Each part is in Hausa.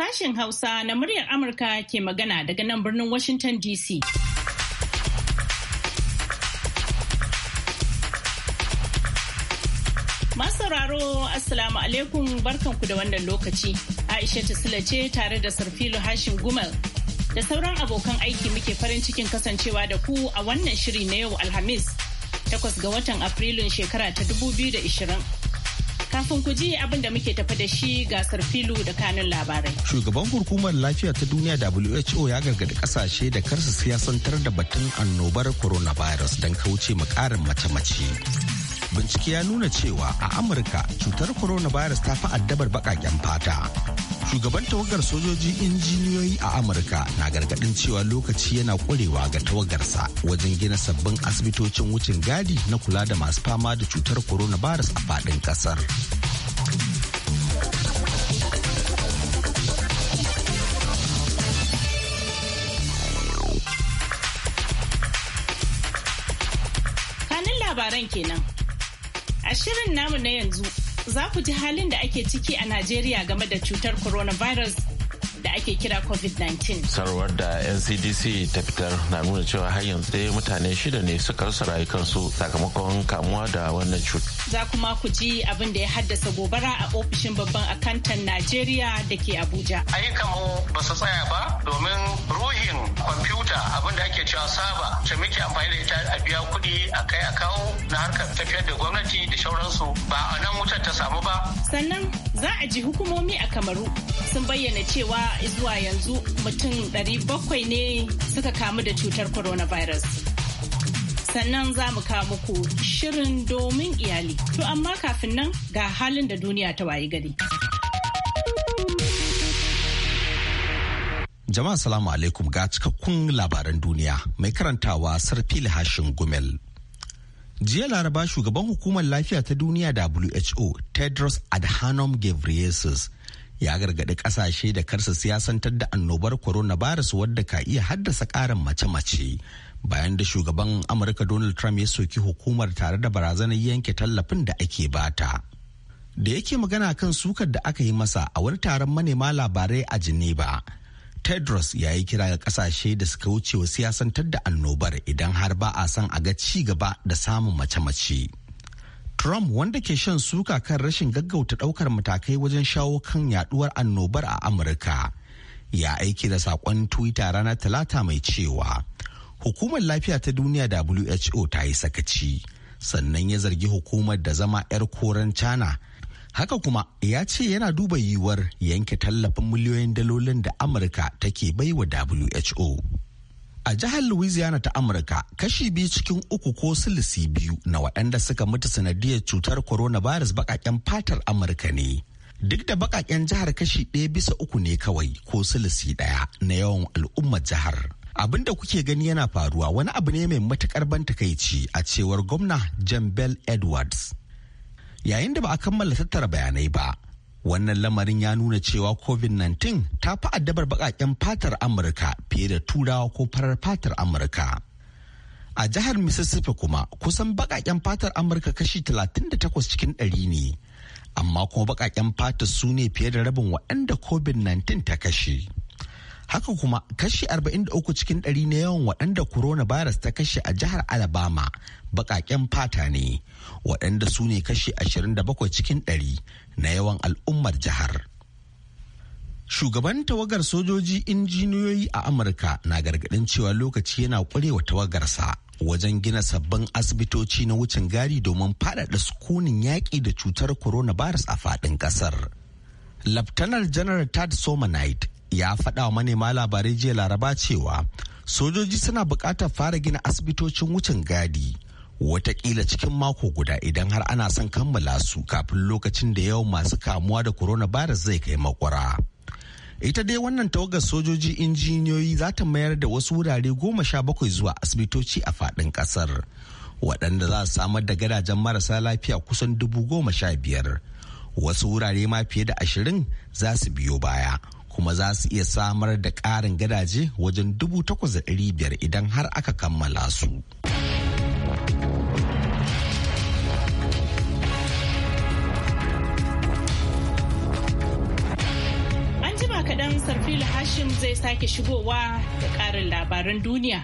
Sashen Hausa na muryar Amurka ke magana daga nan birnin Washington DC. Masauraro Assalamu alaikum barkanku da wannan lokaci. Aisha Tasila ce tare da Sarfilu Hashim Gumal. Da sauran abokan aiki muke farin cikin kasancewa da ku a wannan shiri na yau Alhamis, takwas ga watan Afrilun shekara ta 2020. kafin ku ji abin da muke tafi da shi gasar filu da kanun labarai. Shugaban hukumar lafiya ta duniya WHO ya gargadi ƙasashe da karsu siyasantar da batun annobar coronavirus don kauce ma mace-mace. Bincike ya nuna cewa a Amurka cutar coronavirus ta fi addabar baƙaƙen fata. shugaban tawagar sojoji injiniyoyi a amurka na gargadin cewa lokaci yana kwarewa ga tawagarsa wajen gina sabbin asibitocin wucin gadi na kula da masu fama da cutar coronavirus a faɗin ƙasar labaran kenan a shirin namu na yanzu za ku ji halin da ake ciki a Najeriya game da cutar coronavirus da ake kira covid-19 sarwar da ncdc ta fitar na nuna cewa har yanzu dai mutane shida ne suka rasa rayukansu sakamakon kamuwa da wannan cuta za kuma ku ji abin da ya haddasa gobara a ofishin babban akantan najeriya da ke abuja ayyukanmu ba su tsaya ba domin ruhin kwamfuta abin da ake cewa saba ta muke amfani da ita a biya kuɗi a kai a kawo na harkar tafiyar da gwamnati da sauransu ba a nan wutar ta samu ba sannan za a ji hukumomi a kamaru sun bayyana cewa zuwa yanzu mutum 700 ne suka kamu da cutar coronavirus. Sannan za mu kawo muku shirin domin iyali. To amma kafin nan ga halin da duniya ta wayi gari. Jama'a salamu alaikum ga cikakkun labaran duniya mai karantawa sarfili hashin gumel. jiya laraba shugaban hukumar lafiya ta duniya who tedros adhanom ghebreyesus ya gargaɗi ƙasashe da karsa siyasantar da annobar Corona coronavirus wadda ka iya haddasa ƙarin mace-mace bayan da shugaban amurka donald trump ya soki hukumar tare da barazanar yanke tallafin da ake bata da yake magana kan sukar da aka yi masa a wani taron manema labarai a geneva tedros ya yi kira ga ƙasashe da suka wuce wa siyasantar da annobar idan har ba a son a ga ci gaba da samun mace-mace Trump wanda ke shan suka kan rashin gaggauta ɗaukar matakai wajen shawo kan yaduwar annobar a Amurka. Ya aiki da saƙon Twitter ranar Talata mai cewa, Hukumar Lafiya ta Duniya WHO ta yi sakaci, sannan ya zargi hukumar da zama 'yar koren China. Haka kuma ya ce yana duba yiwuwar yanke tallafin miliyoyin dalolin da Amurka take baiwa WHO. A jihar Louisiana ta Amurka, kashi biyu cikin uku ko silisi biyu na waɗanda suka mutu sanadiyar cutar coronavirus baƙaƙen fatar Amurka ne. Duk da baƙaƙen jihar kashi ɗaya bisa uku ne kawai ko silisi ɗaya na yawan al'ummar jihar. Abin da kuke gani yana faruwa wani abu ne mai matuƙar ban takaici a cewar gwamna Jan Edwards. Yayin da ba a kammala tattara bayanai ba, Wannan lamarin ya nuna cewa COVID-19 ta fi addabar baƙaƙen fatar Amurka fiye da turawa ko farar fatar Amurka. A jihar Mississippi kuma kusan baƙaƙen fatar Amurka kashi 38 cikin ɗari ne, amma kuma baƙaƙen fatar su ne fiye da rabin waɗanda COVID-19 ta kashe. haka kuma kashi 43 cikin ɗari na yawan waɗanda coronavirus ta kashe a jihar alabama baƙaƙen fata ne waɗanda su ne kashi 27 cikin ɗari na yawan al'ummar jihar shugaban tawagar sojoji injiniyoyi a amurka na gargaɗin cewa lokaci yana ƙurewa tawagarsa wajen gina sabbin asibitoci na wucin gari domin faɗaɗa sukunin yaƙi da cutar coronavirus a faɗin ƙasar. Laftanar Janar Tad Somanite ya faɗa wa manema labarai jiya laraba cewa sojoji suna buƙatar fara gina asibitocin wucin gadi watakila cikin mako guda idan har ana son kammala su kafin lokacin da yawan masu kamuwa da bara zai kai makwara. ita dai wannan tawagar sojoji injiniyoyi za ta mayar da wasu wurare goma sha bakwai zuwa asibitoci a faɗin ƙasar waɗanda za su samar da gadajen marasa lafiya kusan dubu goma sha biyar wasu wurare ma fiye da ashirin za su biyo baya kuma za su iya samar da ƙarin gadaje wajen dubu takwas da ɗari biyar idan har aka kammala su. An jima kaɗan Sarfila Hashim zai sake shigowa da ƙarin labaran duniya.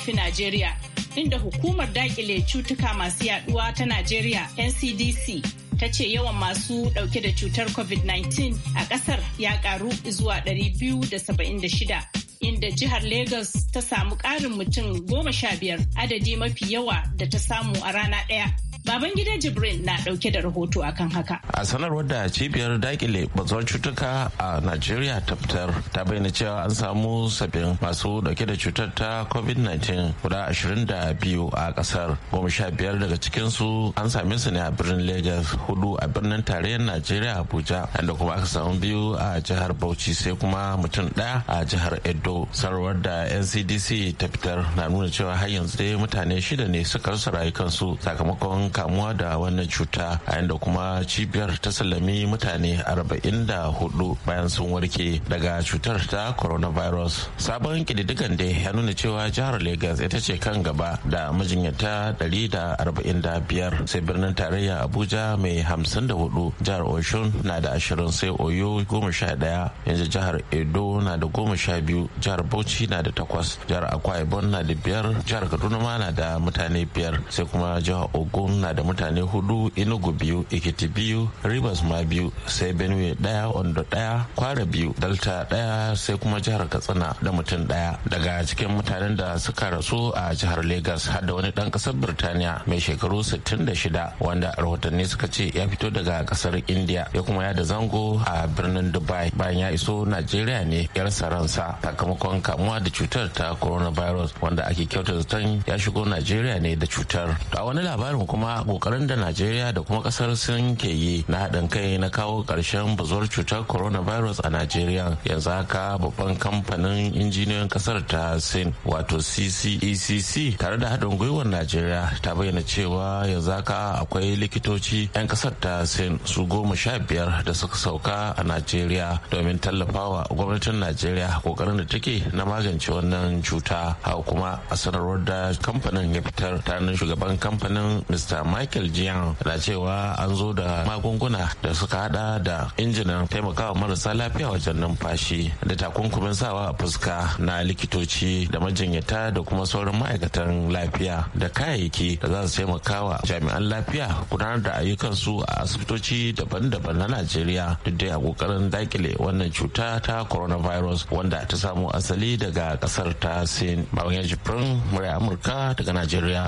nufi Najeriya, inda hukumar daƙile cutuka masu yaduwa ta Najeriya NCDC ta ce yawan masu dauke da cutar COVID-19 a ƙasar ya ƙaru zuwa 276. Inda jihar Lagos ta samu ƙarin mutum 15 adadi mafi yawa da ta samu a rana ɗaya. Baban gidan Jibrin na dauke da rahoto akan haka. A sanarwar da cibiyar dakile batsuwar cutuka a Najeriya ta fitar ta bayyana cewa an samu sabbin masu dauke da cutar ta COVID-19 guda 22 a kasar. Goma sha biyar daga cikinsu an same su ne a birnin Lagos, hudu a birnin tarayyar Najeriya Abuja, inda kuma aka samu biyu a jihar Bauchi sai kuma mutum daya a jihar Edo. Sanarwar da NCDC ta fitar na nuna cewa har yanzu dai mutane shida ne suka rasa rayukansu sakamakon kamuwa da wannan cuta a yadda kuma cibiyar ta sallami mutane 44 bayan sun warke daga cutar ta coronavirus sabon kididdigan da ya nuna cewa jihar Legas ita ce kan gaba da majinyata 145 sai birnin tarayya abuja mai 54 jihar oshun na da 20 sai oyo 11 yanzu jihar edo na da 12 jihar bauchi na da 8 jihar akwa ibom na da 5 jihar kaduna ma na da mutane 5 sai kuma jihar ogun na da mutane hudu inugu biyu ikiti biyu rivers ma biyu sai benue daya ondo daya kwara biyu delta daya sai kuma jihar katsina da mutum daya daga cikin mutanen da suka rasu a jihar lagos har da wani dan kasar birtaniya mai shekaru 66 wanda rahotanni suka ce ya fito daga kasar india ya kuma ya da zango a birnin dubai bayan ya iso najeriya ne yar saransa sakamakon kamuwa da cutar ta coronavirus wanda ake kyauta zaton ya shigo najeriya ne da cutar a wani labarin kuma kokarin da najeriya da kuma kasar sun ke yi na haɗin kai na kawo ƙarshen bazuwar cutar coronavirus a najeriya yanzu haka babban kamfanin injiniyoyin kasar ta sin wato ccecc e tare da haɗin gwiwar najeriya ta bayyana cewa yanzu haka akwai likitoci 'yan kasar ta sin su goma sha biyar da suka sauka a najeriya domin tallafawa gwamnatin najeriya kokarin da take na magance wannan cuta Hau kuma a sanarwar da kamfanin ya fitar ta shugaban kamfanin mr michael jiyan da cewa an zo da magunguna da suka hada da injinan taimakawa marasa lafiya wajen numfashi da takunkumin sawa a fuska na likitoci da majinyata da kuma sauran ma'aikatan lafiya da kayayyaki da za su taimakawa jami'an lafiya gudanar da ayyukan su a asibitoci daban-daban na najeriya duk dai a kokarin dakile wannan cuta ta coronavirus wanda ta samu asali daga kasar ta sin bawon yaji jibrin murya amurka daga najeriya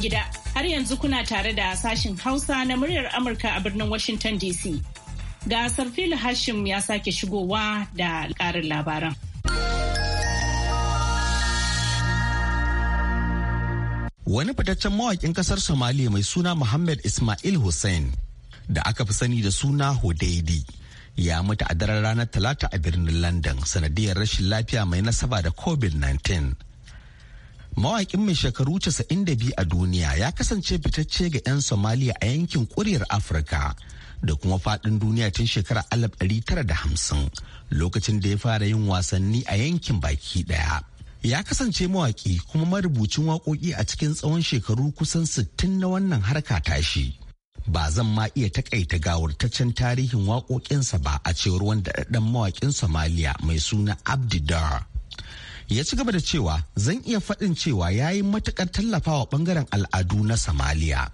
gida. Har yanzu kuna tare da sashin Hausa na muryar Amurka a birnin Washington DC. Ga Sarfilu Hashim ya sake shigowa da karin labaran. Wani fitaccen mawaƙin kasar somali mai suna Muhammad Ismail Hussein da aka fi sani da suna Hodaidi. ya mutu a daren ranar talata a birnin london sanadiyar rashin lafiya mai nasaba da covid-19 mawaƙin mai shekaru 92 a duniya ya kasance fitacce ga 'yan somaliya a yankin ƙuryar afirka da kuma faɗin duniya tun shekarar 1950 lokacin da ya fara yin wasanni a yankin baki ɗaya ya kasance mawaƙi kuma marubucin waƙoƙi a cikin tsawon shekaru kusan 60 na wannan harka tashi ba zan ma iya takaita gawurtaccen tarihin waƙoƙinsa ba a cewar wanda ɗaɗɗan mawaƙin somaliya mai suna abdidar ya ci gaba da cewa zan iya faɗin cewa ya yi matuƙar tallafawa ɓangaren al'adu na Somalia.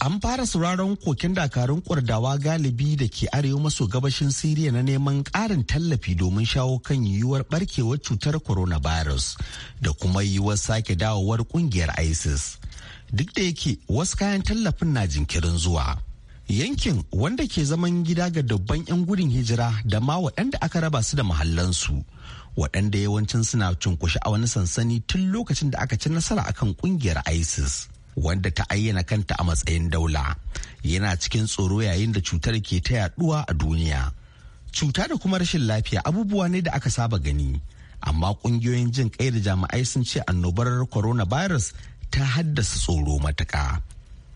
An fara sauraron koken dakarun kurdawa galibi da ke arewa maso gabashin Siriya na neman ƙarin tallafi domin shawo kan yiwuwar barkewar cutar coronavirus da kuma yiwuwar sake dawowar ƙungiyar ISIS. Duk da yake wasu kayan tallafin na jinkirin zuwa. Yankin wanda ke zaman gida ga dubban 'yan gudun hijira da ma waɗanda aka raba su da mahallansu waɗanda yawancin suna cunkushe a wani sansani tun lokacin da aka ci nasara akan ƙungiyar isis wanda ta ayyana kanta a matsayin daula yana cikin tsoro yayin da cutar ke ta yaduwa a duniya cuta da kuma rashin lafiya abubuwa ne da aka saba gani amma ƙungiyoyin jin kai da jami'ai sun ce annobar coronavirus ta haddasa tsoro matuka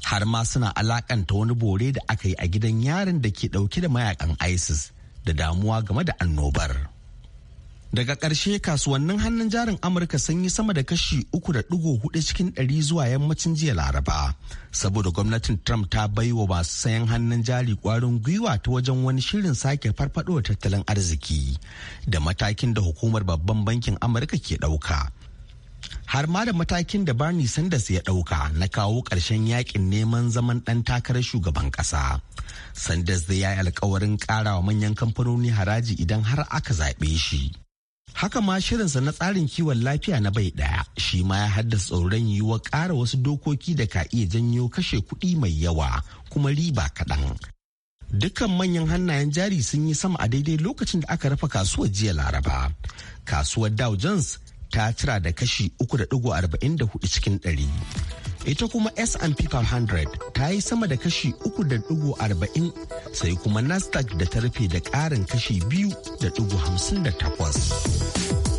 har ma suna alakanta wani bore da aka yi a gidan yarin da ke dauke da mayakan isis da damuwa game da annobar. Daga ƙarshe kasuwannin hannun jarin Amurka sun yi sama da kashi hudu cikin 100 zuwa yammacin jiya Laraba. Saboda gwamnatin Trump ta bai wa masu sayan hannun jari kwarin gwiwa ta wajen wani shirin sake farfaɗo tattalin arziki da matakin da hukumar babban bankin Amurka ke ɗauka. har ma da matakin da Bernie Sanders ya ɗauka na kawo ƙarshen yakin neman zaman ɗan takarar shugaban ƙasa. Sanders zai yi alkawarin ƙara wa manyan kamfanoni haraji idan har aka zaɓe shi. Haka ma shirinsa na tsarin kiwon lafiya na bai ɗaya shi ma ya haddasa tsoron wa ƙara wasu dokoki da ka iya janyo kashe kuɗi mai yawa kuma riba kaɗan. Dukkan manyan hannayen jari sun yi sama a daidai lokacin da aka rafa kasuwar jiya Laraba. Kasuwar Dow Jones ta cira da kashi 3.44 cikin ɗari. ita kuma S&P 500 ta yi sama da kashi 3.40 sai kuma Nasdaq da ta rufe da ƙarin kashi 2.58.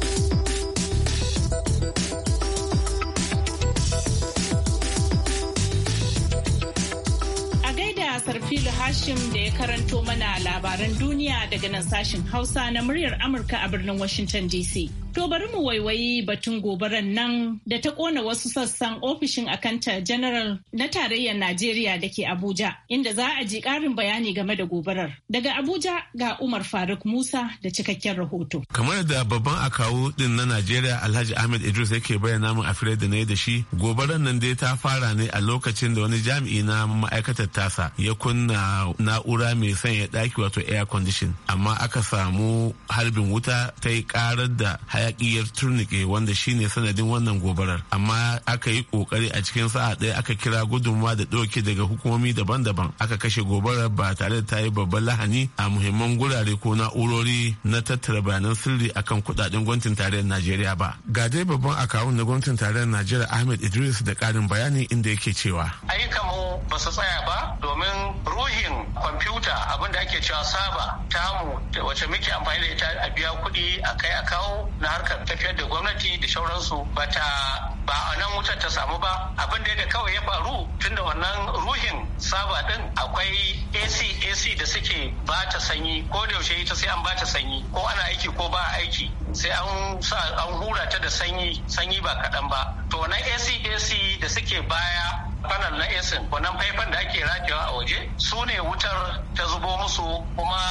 Sarfilu Hashim da ya karanto mana labaran duniya daga nan sashen Hausa na muryar Amurka a birnin Washington DC. To bari mu waiwayi batun gobaran nan da ta kona wasu sassan ofishin akanta general na tarayyar Najeriya da ke Abuja, inda za a ji ƙarin bayani game da gobarar. Daga Abuja ga Umar Faruk Musa da cikakken rahoto. Kamar da babban akawu din na Najeriya Alhaji Ahmed Idris yake bayyana mun a fira da na yi da shi, gobarar nan dai ta fara ne a lokacin da wani jami'i na ma'aikatar tasa ya kunna na na'ura mai sanya daki wato air condition amma aka samu harbin wuta ta yi karar da hayakiyar turnike wanda shine sanadin wannan gobarar amma aka yi kokari a cikin sa'a ɗaya aka kira gudunmawa da ɗauke daga hukumomi daban-daban aka kashe gobarar ba tare da ta yi babban lahani a muhimman gurare ko na'urori na tattara bayanan sirri akan kudaden gwamnatin tarayyar najeriya ba ga dai babban akawun na gwamnatin tarayyar najeriya ahmed idris da karin bayani inda yake cewa ayyukan mu ba su tsaya ba domin ruhin kwamfuta abinda ake cewa saba tamu wace muke amfani da ita a biya kuɗi a kai a kawo na harkar tafiyar da gwamnati da sauransu ba ta ba a nan wutar ta samu ba abin da kawai ya faru tun da wannan ruhin saba din akwai ac ac da suke ba ta sanyi ko da yaushe ita sai an ba ta sanyi ko ana aiki ko ba aiki sai an sa an hura ta da sanyi sanyi ba kaɗan ba to wannan ac ac da suke baya fanal na esin wannan faifan da ake rakewa a waje su ne wutar ta zubo musu kuma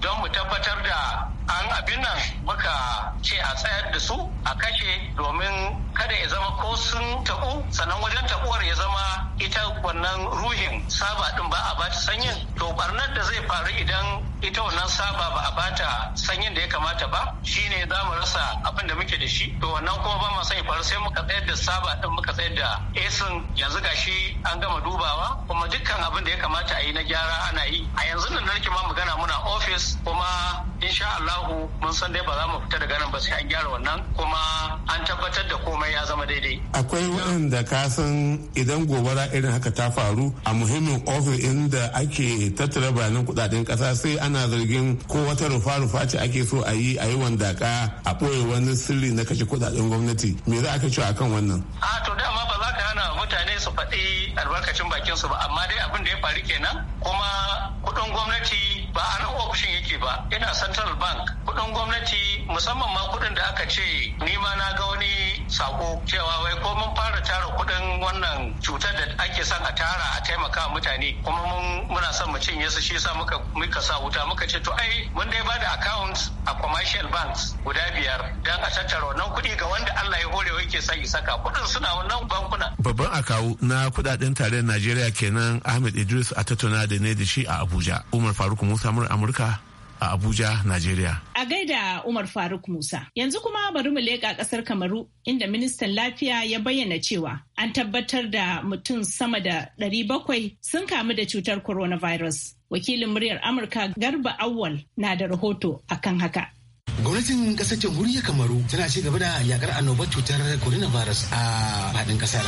don mu tabbatar da an abin nan muka ce a tsayar da su a kashe domin kada ya zama ko sun taɓu sannan wajen taɓuwar ya zama ita wannan ruhin saba din ba a bata sanyin to barnar da zai faru idan ita wannan saba ba a bata sanyin da ya kamata ba shine za mu rasa abin da muke da shi to wannan kuma ba mu sanya faru sai muka tsayar da saba din muka tsayar da esin yanzu gashi an gama dubawa kuma dukkan abin da ya kamata a yi na gyara ana yi a yanzu nan nake ma magana muna ofis kuma insha Allahu mun san dai ba za mu fita daga nan ba sai an gyara wannan kuma an tabbatar da komai ya zama daidai. Akwai waɗanda ka san idan gobara irin haka ta faru a muhimmin ofis inda ake tattara bayanan kudaden ƙasa sai ana zargin ko wata rufa-rufa ce ake so a yi a yi wandaka a ɓoye wani sirri na kashe kudaden gwamnati me za aka ce akan wannan. A to dama ba za ka hana mutane su faɗi albarkacin bakin su ba amma dai abin da ya faru kenan kuma kuɗin gwamnati ba a nan ofishin yake ba ina central bank kudin gwamnati musamman ma kudin da aka ce ni ma na ga wani sako cewa wai ko mun fara tara kudin wannan cutar da ake son a tara a taimaka mutane kuma mun muna son mu cinye su shi yasa muka muka sa wuta muka ce to ai mun dai ba da account a commercial banks guda biyar dan a tattara wannan kudi ga wanda Allah ya hore yake son ya saka kudin suna wannan bankuna babban akawu na kudaden tarayyar Najeriya kenan Ahmed Idris a tattauna da ne da shi a Abuja Umar Faruk Musa Samun Amurka a Abuja, Najeriya. A gaida Umar Faruk Musa. Yanzu kuma bari mu leƙa ƙasar Kamaru inda ministan lafiya ya bayyana cewa an tabbatar da mutum sama da 700 sun kamu da cutar coronavirus. Wakilin muryar Amurka Garba Awwal na da rahoto akan haka. gwamnatin kasar jamhuriyar kamaru tana ci gaba da yakar annobar cutar coronavirus a faɗin ƙasar.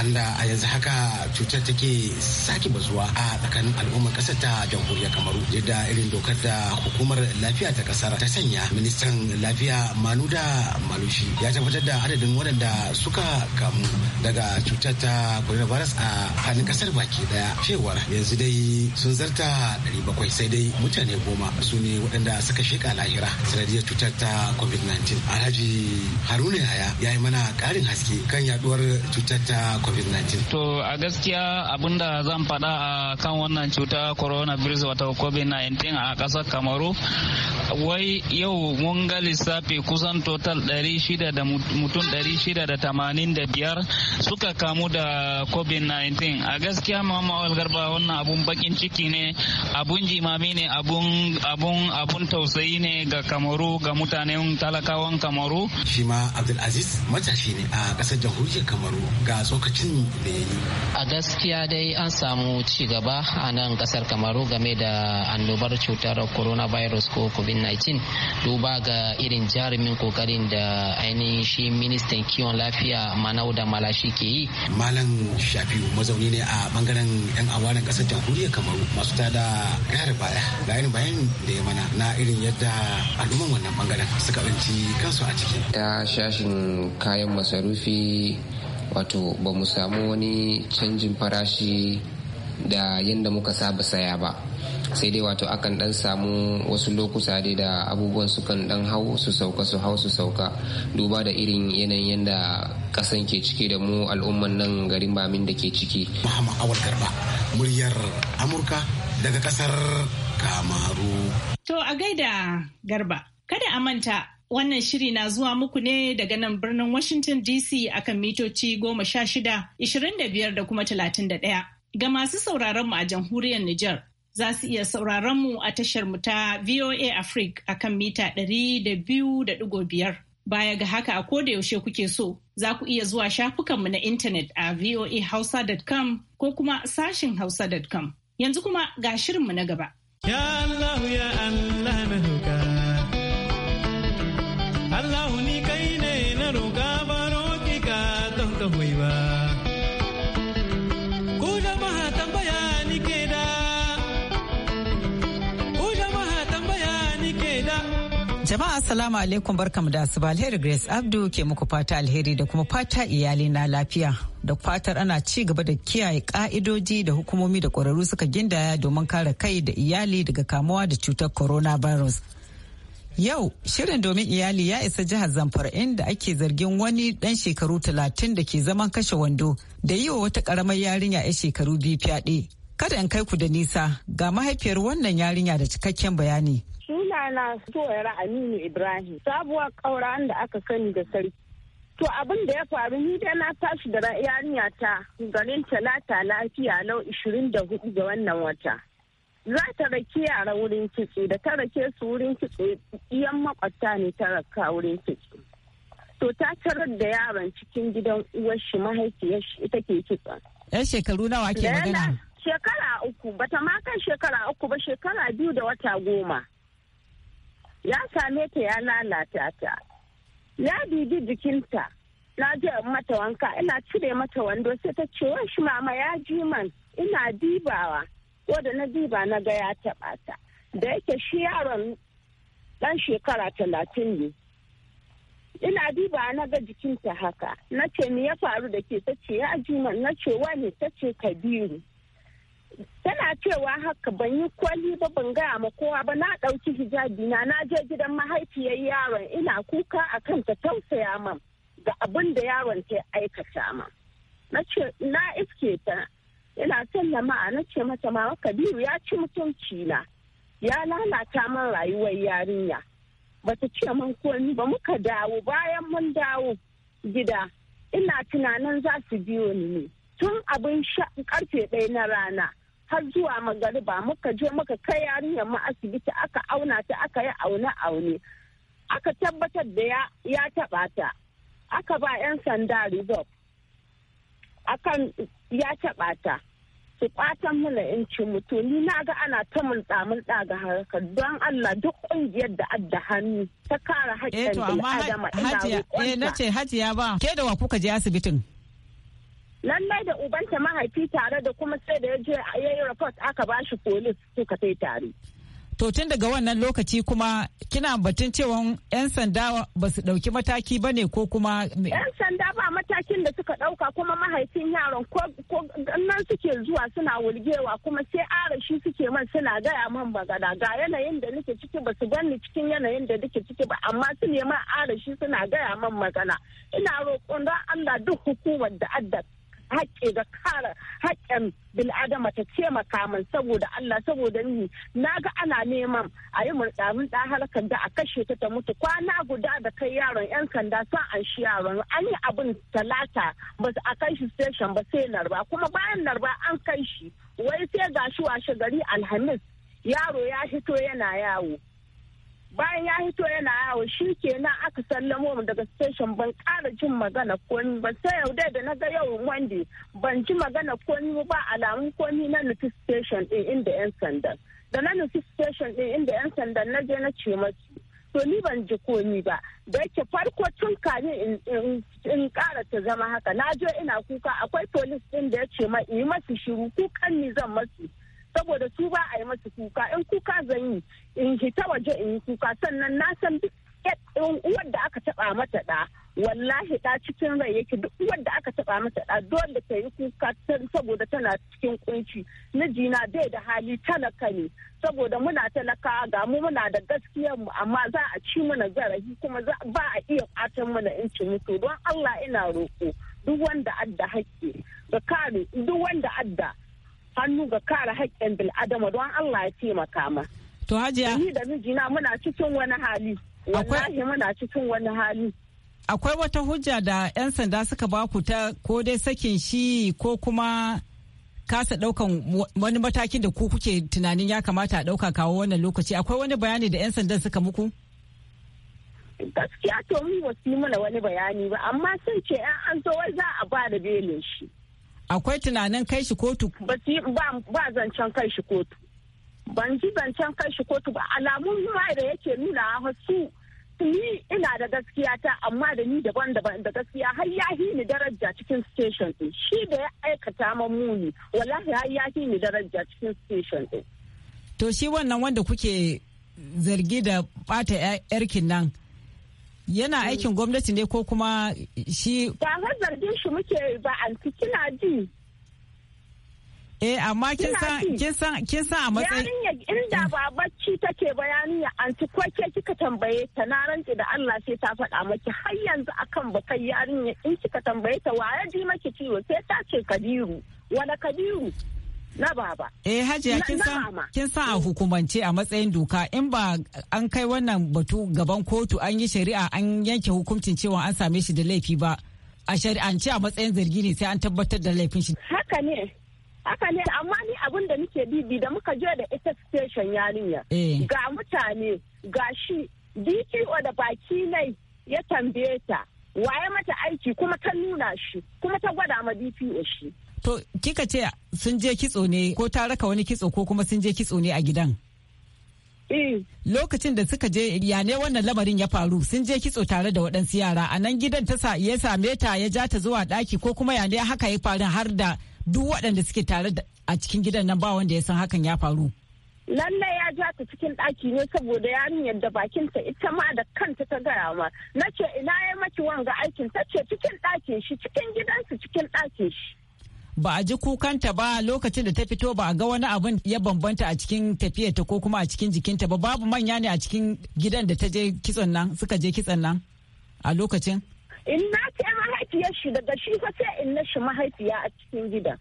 allah a yanzu haka cutar take sake bazuwa a tsakanin al'ummar kasar ta jamhuriyar kamaru yadda irin dokar da hukumar lafiya ta kasar ta sanya ministan lafiya manuda malushi ya tabbatar da adadin waɗanda suka kamu daga cutar ta coronavirus a fanin kasar baki daya cewar yanzu dai sun zarta 700 sai dai mutane goma su ne waɗanda suka sheka lahira sanadiyar cutar ta covid-19 alhaji haruna yaya ya yi mana ƙarin haske kan yaduwar cutar ta covid-19 to a gaskiya abinda zan faɗa a kan wannan cuta coronavirus wata covid-19 a kasar kamaru wai yau mun ga lissafi kusan total 600 da mutum 685 suka kamu da covid-19 a gaskiya mamawal garba wannan abun bakin ciki ne abun jimami ne abun abun abun tausayi ne ga kamaru ga mutanen talakawan kamaru shi ma abdulaziz matashi ne a kasar jamhuriyar kamaru ga tsokaci lokacin da ya yi. A gaskiya dai an samu ci gaba a nan kasar Kamaru game da annobar cutar coronavirus ko COVID-19 duba ga irin jarumin kokarin da ainihin shi ministan kiwon lafiya Manau da Malashi ke yi. Malam Shafiu mazauni ne a bangaren 'yan awarin kasar jamhuriyar Kamaru masu tada yare baya layin bayan da ya mana na irin yadda al'umman wannan bangaren suka kansu a ciki. Ta shashin kayan masarufi wato ba mu samu wani canjin farashi da yadda muka saba saya ba sai dai wato akan dan samu wasu lokuta dai da abubuwan sukan dan hau su sauka su hau su sauka duba da irin yanayin yadda kasan ke ciki da mu al'umman nan garin bamin da ke ciki Awal Garba muryar Amurka daga kasar Kamaru to a gaida Garba kada a manta Wannan shiri na zuwa muku ne daga nan birnin Washington DC akan mitoci goma sha shida, ishirin da biyar da kuma talatin da ɗaya. Ga masu sauraron mu a jamhuriyar Nijar, za su iya sauraron mu a tashar mu ta VOA Africa akan mita ɗari da biyu da ɗigo biyar. Baya ga haka a koda yaushe kuke so, za ku iya zuwa shafukanmu na intanet a voahausa.com ko kuma sashin hausa.com. Yanzu kuma ga shirinmu na gaba. Ya Allah ya Allah. Allah ni kai ne na roƙa baro kika don ba. Ku jama'a tambaya ni ke da, ku jama'a tambaya ni ke da. Jama'a salamu alaikum barkamu da alheri Grace Abdu ke muku fata alheri da kuma fata iyali na lafiya. Da fatar ana ci gaba da kiyaye ka'idoji da hukumomi da ƙwararru suka gindaya domin kare kai da iyali daga kamuwa da cutar coronavirus. Yau shirin domin iyali ya isa jihar Zamfara inda ake zargin wani ɗan shekaru talatin da ke zaman kashe wando da yi wa wata ƙaramar yarinya 'ya shekaru biyu fyaɗe. Kada in kai ku da nisa ga mahaifiyar wannan yarinya da cikakken bayani. Sunana Tuwara Aminu Ibrahim, sabuwar ƙauran da aka sani da sarki. To abin da ya faru ni da na tashi da yarinya ta garin talata lafiya lau 24 ga wannan wata. za ta rake yara wurin kitse da ta rake su wurin kitse iyan makwabta ne ta raka wurin kitse to ta tarar da yaron cikin gidan uwar shi mahaifiyar shi ita ke kitsa yan shekaru nawa ke magana shekara uku bata ma kan shekara uku ba shekara biyu da wata goma ya same ta ya lalata ta ya bibi jikinta na je mata wanka ina cire mata wando sai ta ce wai shi mama ya ji man ina dibawa ko da na diba na ga ya taɓa ta da yake shi yaron dan shekara talatin ne ina diba na ga jikinta haka na ce ni ya faru da ke ta ce ya juma na ce ne ta ce kabiru tana cewa haka ban yi kwali ba ban gaya ma kowa ba na ɗauki hijabi na na je gidan mahaifiyar yaron ina kuka akan ta tausaya man ga abin da yaron ta aikata man na ce na iske ta ina son na ce mata wa kabiru ya ci mutunci na ya lalata min rayuwar yarinya bata ce min komi ba muka dawo bayan mun dawo gida ina tunanin za su biyo ni ne tun abin karfe ɗaya na rana har zuwa magariba muka je muka kai yarinyar mu asibiti aka auna ta aka yi aune aune aka tabbatar da ya taɓa ta aka ba 'yan sanda ribop akan ya taɓa ta su ƙwatan mana yancin mutu ni na ga ana ta mulɗa mulɗa ga harkar don Allah duk ƙungiyar da adda hannu ta kare haƙƙin eh, bil'adama ina roƙonta. Eh, na ce hajiya ba ke da wa kuka je asibitin. Lallai da ubanta mahaifi tare da kuma sai da ya je ya yi report aka ba shi polis suka kai tare. to tun daga wannan lokaci kuma kina batun cewa 'yan sanda ba su ɗauki mataki ba ne ko kuma 'yan sanda ba matakin da suka ɗauka kuma mahaifin yaron ko nan suke zuwa suna wulgewa kuma sai arashi suke man suna gaya man magana ga yanayin da nake ciki ba su ganni cikin yanayin da nake ciki ba amma su neman arashi suna gaya man magana ina roƙon don allah duk hukumar da adda haƙƙi da kare haƙƙin bil'adama ta ce makaman saboda Allah saboda ni na ga ana neman a yi murɗamin ɗan harkar da a kashe ta ta mutu kwana guda da kai yaron yan sanda sun an shi yaron an yi abin talata ba a kai shi station ba sai narba kuma bayan narba an kai shi wai sai ga shi washe gari alhamis yaro ya fito yana yawo bayan ya hito yana yawo shi kenan aka sallamo mu daga station ban ƙara jin magana komi ba sai yau da na ga yau wande ban ji magana komi ba alamun komi na nufi station din inda yan sandan da na nufi station din inda yan sanda na je na ce masu to ni ban ji komi ba da yake farko tun kamin in ƙara ta zama haka na je ina kuka akwai police din da ya ce ma yi masu shiru kukan ni zan masu saboda su ba a yi masu kuka in kuka zan yi in hita waje in yi kuka sannan na san duk uwar da aka taba mata da wallahi ta cikin rai yake duk uwar da aka taba mata da dole ta yi kuka saboda tana cikin kunci mijina bai da hali talaka ne saboda muna talaka ga mu muna da gaskiyar mu amma za a ci mana zarafi kuma ba a iya fatan mana in ci mutu don Allah ina roko duk wanda adda haƙƙi ka kare duk wanda adda hannu ga kare haƙƙin bil'adama don Allah ya taimaka ma. To hajiya. Ni da mijina muna cikin wani hali. Wallahi muna cikin wani hali. Akwai wata hujja da 'yan sanda suka baku ta ko dai sakin shi ko kuma kasa daukan wani matakin da ku kuke tunanin ya kamata a dauka kawo wannan lokaci akwai wani bayani da 'yan sandan suka muku? Gaskiya to mu wasu mana wani bayani ba amma sun ce 'yan an zo wai za a ba da belin shi. akwai tunanin kai shi kotu ba ba zancen kai shi kotu ban ji zancen kai shi kotu ba alamun ma da yake nuna su ni ina da gaskiya ta amma da ni daban-daban da gaskiya har ya ni daraja cikin station din shi da ya aikata muni wallahi har ya ni daraja cikin station din to shi wannan wanda kuke zargi da bata yarkin nan yana aikin gwamnati ne ko kuma shi ba zargin shi muke ba anti kina ji eh amma kin san kin san kin san a matsayin yarinya inda ba bacci take ba anti ko ke kika tambaye ta na rantsi da Allah sai ta faɗa maki har yanzu akan kai yarinya in kika tambaye ta waye ji maki ciwo sai ta ce Kabiru wala Kabiru na baba. Eh hajiya kin sa a hukumance a matsayin doka in ba an kai wannan batu gaban kotu an yi shari'a an yanke hukuncin cewa an same shi da laifi ba a shari'ance a matsayin zargi ne sai an tabbatar da laifin shi. Haka ne. Haka ne amma ni abin da muke bibi da muka je da ita station yarinya. Eh. Ga mutane ga shi DTO da baki nai ya tambaye ta waye mata aiki kuma ta nuna shi kuma ta gwada ma DPO shi. To kika ce sun je kitso ne ko ta raka wani kitso ko kuma sun je kitso ne a gidan? Eh. Lokacin da suka je ya ne wannan lamarin ya faru sun je kitso tare da waɗansu yara a nan gidan ta ya same ta ya ja ta zuwa ɗaki ko kuma ya ne haka ya faru har da duk waɗanda suke tare a cikin gidan nan ba wanda ya san hakan ya faru. lalle ya ja ta cikin ɗaki ne saboda yarinyar da bakinta ita ma da kanta ta gaya ma na ce ina ya maki wanga aikin ta ce cikin ɗakin shi cikin gidansu cikin ɗakin shi. ba a ji kukanta ba lokacin da ta fito ba a ga wani abin ya bambanta a cikin tafiyarta ko kuma a cikin jikinta ba babu manya ne a cikin gidan da ta je kitson nan suka je kitson nan a lokacin in na ce mahaifiyar shi daga shi fa sai in na shi mahaifiya a cikin gidan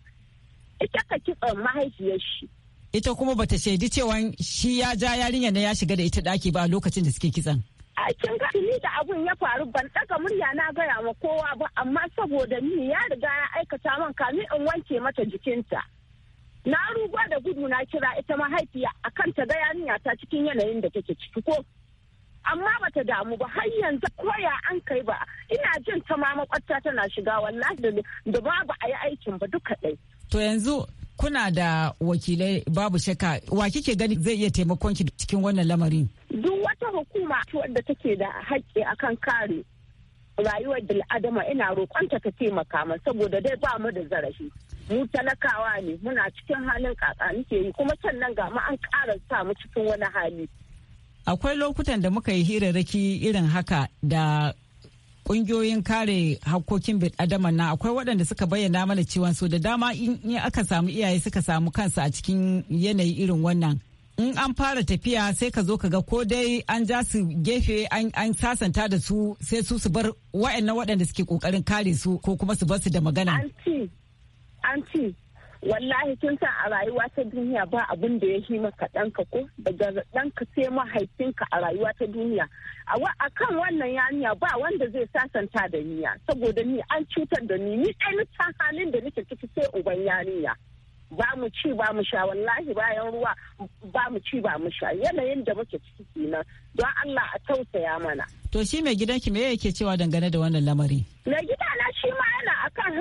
ita ka kitson mahaifiyar shi ita kuma bata shaidi cewa shi ya ja yarinya na ya shiga da ita daki ba a lokacin da suke kitson a kin da abun ya faru ban daga murya na gaya ma kowa ba amma saboda ni ya riga ya aikata man kamin in wanke mata jikinta na ruba da gudu na kira ita mahaifiya a kan ta ga yarinya ta cikin yanayin da take ciki ko amma bata damu ba har yanzu koya an kai ba ina jin ta ma makwabta tana shiga wallahi da babu a yi aikin ba duka ɗai. to yanzu kuna da wakilai babu shakka wa kike gani zai iya taimakon ki cikin wannan lamarin duk hukuma wadda take da haƙƙi akan kare rayuwar bil'adama ina roƙonta ta taimaka ma saboda dai ba mu da zarafi mu talakawa ne muna cikin halin kaka nake yi kuma sannan ga mu an ƙara sa mu cikin wani hali akwai lokutan da muka yi hirarraki irin haka da ƙungiyoyin kare hakkokin bil'adama na akwai waɗanda suka bayyana mana ciwon su da dama in aka samu iyaye suka samu kansu a cikin yanayi irin wannan in an fara tafiya sai ka zo ka ga ko dai an ja su gefe an sasanta da su sai su su bar na waɗanda suke kokarin kare su ko kuma su bar su da magana an ci an wallahi kin san a rayuwa ta duniya ba abin da ya yi maka ɗanka ko daga ɗanka sai mahaifinka a rayuwa ta duniya a kan wannan yaniya ba wanda zai sasanta da niya saboda ni an cutar da ni ni ɗaya halin da nake ciki sai uban yaniya ba mu ci ba mu sha wallahi bayan ruwa ba mu ci ba mu sha yanayin da muke ciki kenan don Allah a tausaya mana. To shi mai gidanki me yake cewa dangane da wannan lamari? Mai gidana shi ma yana akan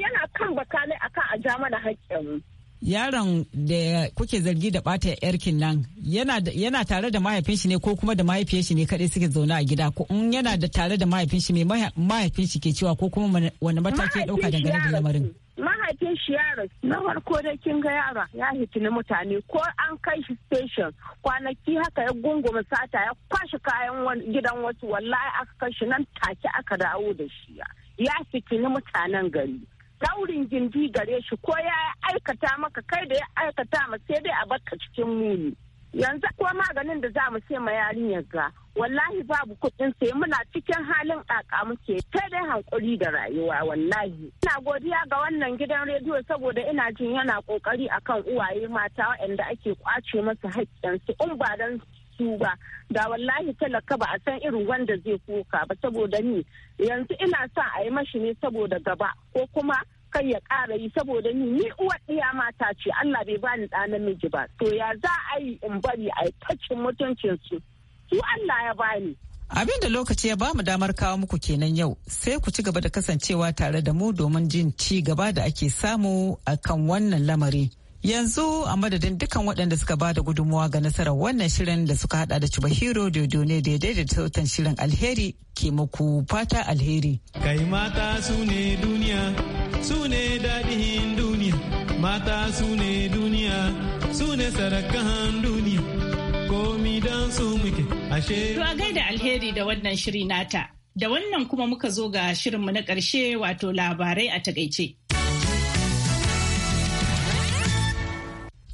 yana kan bakanai akan a ja mana haƙƙin. Yaron da kuke zargi da bata yarkin nan yana tare da mahaifin shi ne ko kuma da mahaifiyar shi ne kaɗai suke zaune a gida ko in yana da tare da mahaifin shi mai mahaifin shi ke cewa ko kuma wani mataki ya ɗauka dangane da lamarin. mahaifin shi yaro na farko da kin ga yara ya hitini mutane ko an kai shi station kwanaki haka ya gunguma sata ya kwashi kayan gidan wasu wallahi aka kai shi nan take aka dawo da shi ya fitini mutanen gari daurin gindi gare shi ko ya aikata maka kai da ya aikata ma sai dai a baka cikin muni yanzu kuma maganin da za mu sai ma yarinyar ga wallahi babu kuɗin sai muna cikin halin ƙaƙa muke ta dai hankuri da rayuwa wallahi ina godiya ga wannan gidan rediyo saboda ina jin yana kokari akan uwaye mata waɗanda ake kwace masa haƙƙinsu in ba dan su ba da wallahi talaka ba a san irin wanda zai koka ba saboda ni yanzu ina sa a yi mashi ne saboda gaba ko kuma kai ya kara yi saboda ni ni uwar ɗiya mata ce Allah bai bani ɗa namiji ba to ya za a yi in bari a tacin mutuncin su su Allah ya bani. Abin da lokaci ya bamu damar kawo muku kenan yau sai ku ci gaba da kasancewa tare da mu domin jin ci gaba da ake samu akan wannan lamari. Yanzu a madadin dukkan waɗanda suka da gudunmawa ga nasarar wannan shirin da suka hada da Cuba Hero Dodo ne daidai da sautan shirin alheri ke muku fata alheri. Kai mata su ne duniya su ne daɗin duniya mata su ne duniya su ne sarakan duniya komi don su muke ashe. To a gaida alheri da wannan shiri nata. Da wannan kuma muka zo ga shirinmu na ƙarshe wato labarai a takaice.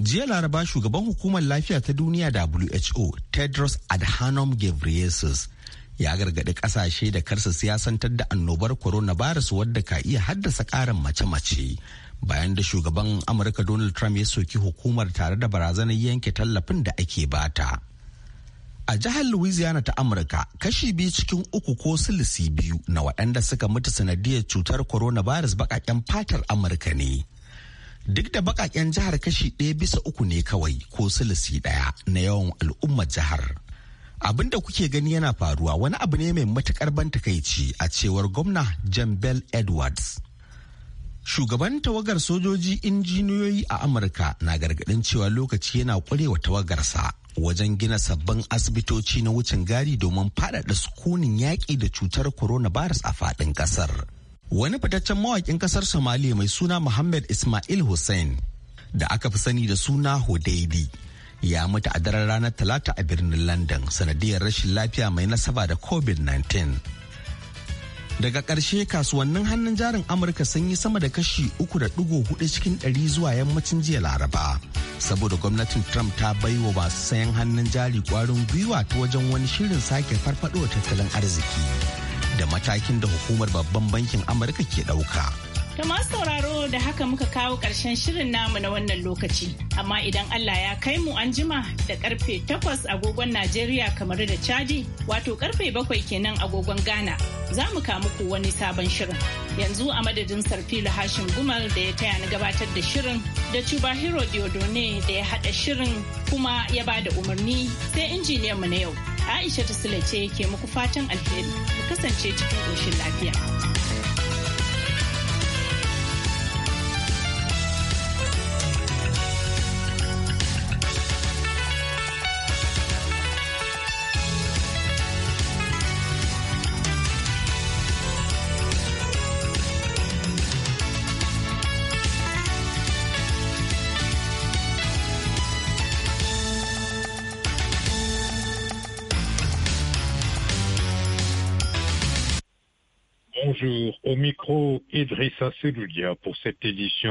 Jiya Laraba shugaban hukumar lafiya ta duniya WHO Tedros Adhanom Ghebreyesus ya gargaɗi ƙasashe da karsa siyasantar da annobar coronavirus wadda ka iya haddasa ƙarin mace-mace bayan da shugaban amurka donald trump ya soki hukumar tare da barazanar yanke tallafin da ake bata a jihar louisiana ta amurka kashi biyu cikin uku ko silisi biyu na waɗanda suka mutu sanadiyar cutar coronavirus baƙaƙen fatar amurka ne duk da baƙaƙen jihar kashi ɗaya bisa uku ne kawai ko silisi ɗaya na yawan al'ummar jihar abin da kuke gani yana faruwa wani abu ne mai matukar ban takaici a cewar gwamna jan bell edwards shugaban tawagar sojoji injiniyoyi a amurka na gargadin cewa lokaci yana wa tawagarsa wajen gina sabbin asibitoci na wucin gari domin faɗaɗa sukunin yaƙi da cutar coronavirus a faɗin ƙasar wani fitaccen mawaƙin ƙasar somaliya mai suna muhammad ismail hussein da aka fi sani da suna hodaidi ya mutu a daren ranar talata a birnin london sanadiyar rashin lafiya mai nasaba da covid-19 daga ƙarshe kasuwannin hannun jarin amurka sun yi sama da kashi 3.4 cikin 100 zuwa yammacin jiya laraba saboda gwamnatin trump ta baiwa masu sayan hannun jari kwarin gwiwa ta wajen wani shirin sake farfaɗo tattalin arziki da matakin da hukumar babban bankin amurka ke ɗauka. Da sauraro da haka muka kawo ƙarshen shirin namu na wannan lokaci. Amma idan Allah ya kai mu an jima da karfe takwas agogon Najeriya kamar da Chadi, wato karfe bakwai kenan agogon Ghana, za mu kamu ku wani sabon shirin. Yanzu a madadin Sarfilu Hashim Gumal da ya taya na gabatar da shirin da Cuba Hero Diodone da ya haɗa shirin kuma ya ba da umarni sai injiniyan mu na yau. Aisha Sule ce ke muku fatan alheri. Ku kasance cikin ƙoshin lafiya. Bonjour, au micro Idrissa Seloulia pour cette édition